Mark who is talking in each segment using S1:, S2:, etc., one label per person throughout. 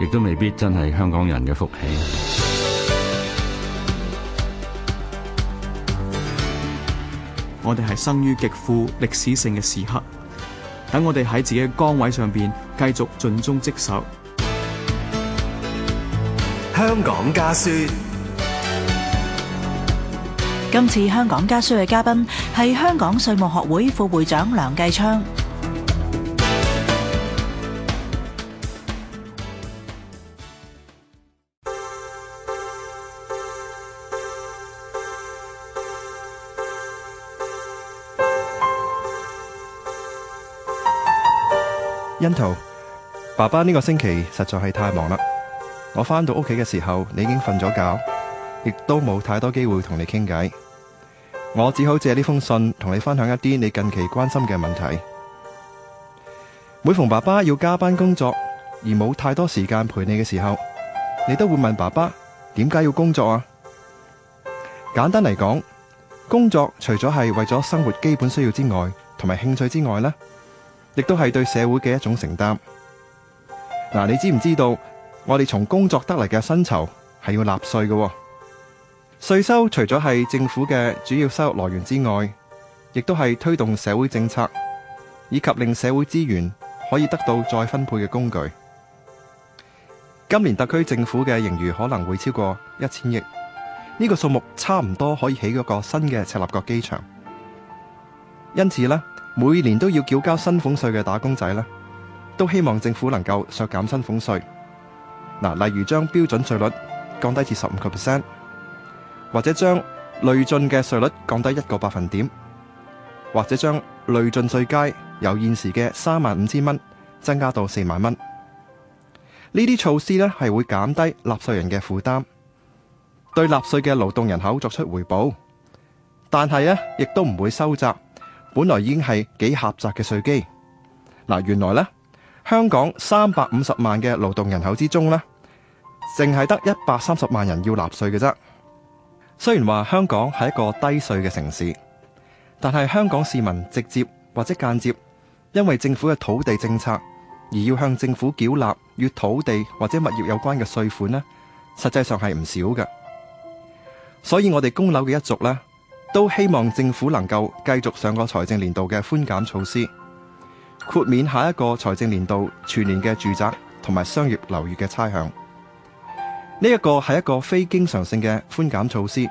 S1: 亦都未必真係香港人嘅福氣。我哋係生於極富歷史性嘅時刻，等我哋喺自己嘅崗位上邊繼續盡忠職守。香港家書。今次香港家書嘅嘉賓係香港稅務學會副會長梁繼昌。恩圖，爸爸呢個星期實在係太忙啦。我翻到屋企嘅時候，你已經瞓咗覺，亦都冇太多機會同你傾偈。我只好借呢封信同你分享一啲你近期關心嘅問題。每逢爸爸要加班工作，而冇太多時間陪你嘅時候，你都會問爸爸點解要工作啊？簡單嚟講，工作除咗係為咗生活基本需要之外，同埋興趣之外呢，亦都係對社會嘅一種承擔。嗱、啊，你知唔知道我哋從工作得嚟嘅薪酬係要納稅嘅、哦？稅收除咗係政府嘅主要收入來源之外，亦都係推動社會政策以及令社會資源可以得到再分配嘅工具。今年特區政府嘅盈餘可能會超過一千億，呢、這個數目差唔多可以起嗰個新嘅赤鱲角機場。因此呢。每年都要繳交薪俸稅嘅打工仔呢，都希望政府能夠削減薪俸稅嗱，例如將標準稅率降低至十五個 percent，或者將累進嘅稅率降低一個百分點，或者將累進稅階由現時嘅三萬五千蚊增加到四萬蚊。呢啲措施呢係會減低納稅人嘅負擔，對納稅嘅勞動人口作出回報，但係呢亦都唔會收窄本來已經係幾狹窄嘅稅基，嗱，原來呢，香港三百五十萬嘅勞動人口之中呢，淨係得一百三十萬人要納稅嘅啫。雖然話香港係一個低稅嘅城市，但係香港市民直接或者間接因為政府嘅土地政策而要向政府繳納與土地或者物業有關嘅稅款呢，實際上係唔少嘅。所以我哋供樓嘅一族呢。都希望政府能夠繼續上個財政年度嘅寬減措施，豁免下一個財政年度全年嘅住宅同埋商業樓宇嘅差餉。呢、這、一個係一個非經常性嘅寬減措施，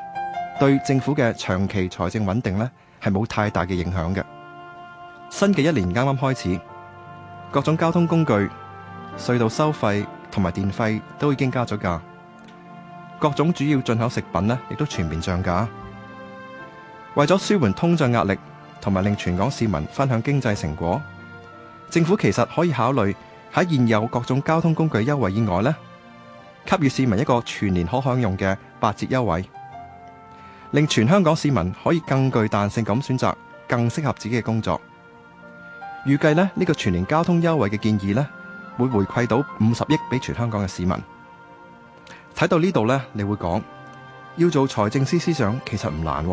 S1: 對政府嘅長期財政穩定呢係冇太大嘅影響嘅。新嘅一年啱啱開始，各種交通工具、隧道收費同埋電費都已經加咗價，各種主要進口食品呢亦都全面漲價。為咗舒緩通脹壓力，同埋令全港市民分享經濟成果，政府其實可以考慮喺現有各種交通工具優惠以外咧，給予市民一個全年可享用嘅八折優惠，令全香港市民可以更具彈性咁選擇，更適合自己嘅工作。預計呢呢個全年交通優惠嘅建議呢會回饋到五十億俾全香港嘅市民。睇到呢度呢，你會講要做財政司司長，其實唔難。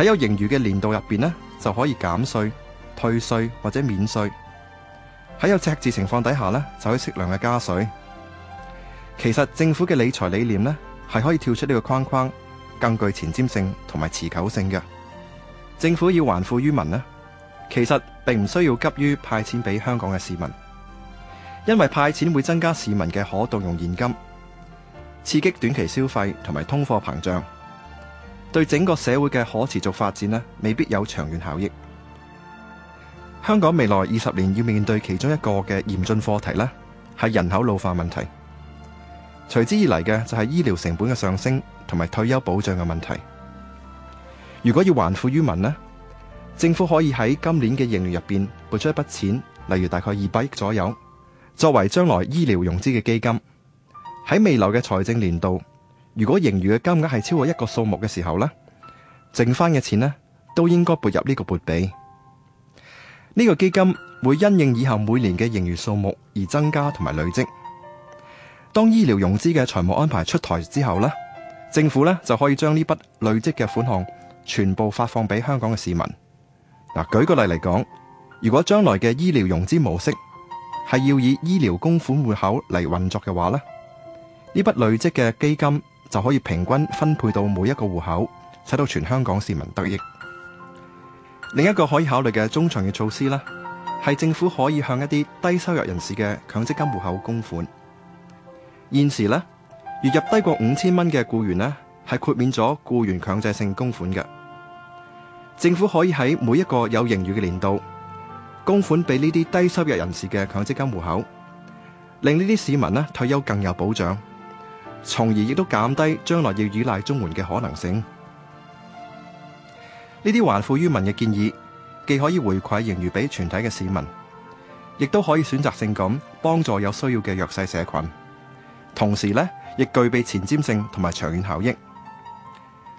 S1: 喺有盈餘嘅年度入邊呢，就可以減稅、退稅或者免稅；喺有赤字情況底下呢，就可以適量嘅加稅。其實政府嘅理財理念呢，係可以跳出呢個框框，更具前瞻性同埋持久性嘅。政府要還富於民呢，其實並唔需要急於派錢俾香港嘅市民，因為派錢會增加市民嘅可動用現金，刺激短期消費同埋通貨膨脹。對整個社會嘅可持續發展呢，未必有長遠效益。香港未來二十年要面對其中一個嘅嚴峻課題咧，係人口老化問題，隨之而嚟嘅就係醫療成本嘅上升同埋退休保障嘅問題。如果要還富於民呢，政府可以喺今年嘅盈餘入邊撥出一筆錢，例如大概二百億左右，作為將來醫療融資嘅基金，喺未來嘅財政年度。如果盈餘嘅金額係超過一個數目嘅時候呢，剩翻嘅錢呢，都應該撥入呢個撥俾，呢、呢個基金，會因應以後每年嘅盈餘數目而增加同埋累積。當醫療融資嘅財務安排出台之後呢，政府呢就可以將呢筆累積嘅款項全部發放俾香港嘅市民。嗱，舉個例嚟講，如果將來嘅醫療融資模式係要以醫療供款戶口嚟運作嘅話咧，呢筆累積嘅基金，就可以平均分配到每一個戶口，使到全香港市民得益。另一個可以考慮嘅中長嘅措施呢，係政府可以向一啲低收入人士嘅強積金戶口供款。現時呢，月入低過五千蚊嘅僱員呢，係豁免咗僱員強制性供款嘅。政府可以喺每一個有盈餘嘅年度，供款俾呢啲低收入人士嘅強積金戶口，令呢啲市民呢，退休更有保障。從而亦都減低將來要依賴綜援嘅可能性。呢啲還富於民嘅建議，既可以回饋，盈餘俾全體嘅市民，亦都可以選擇性咁幫助有需要嘅弱勢社群。同時呢亦具備前瞻性同埋長遠效益。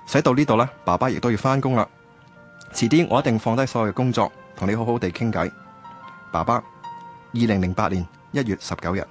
S1: 使到呢度呢，爸爸亦都要翻工啦。遲啲我一定放低所有嘅工作，同你好好地傾偈。爸爸，二零零八年一月十九日。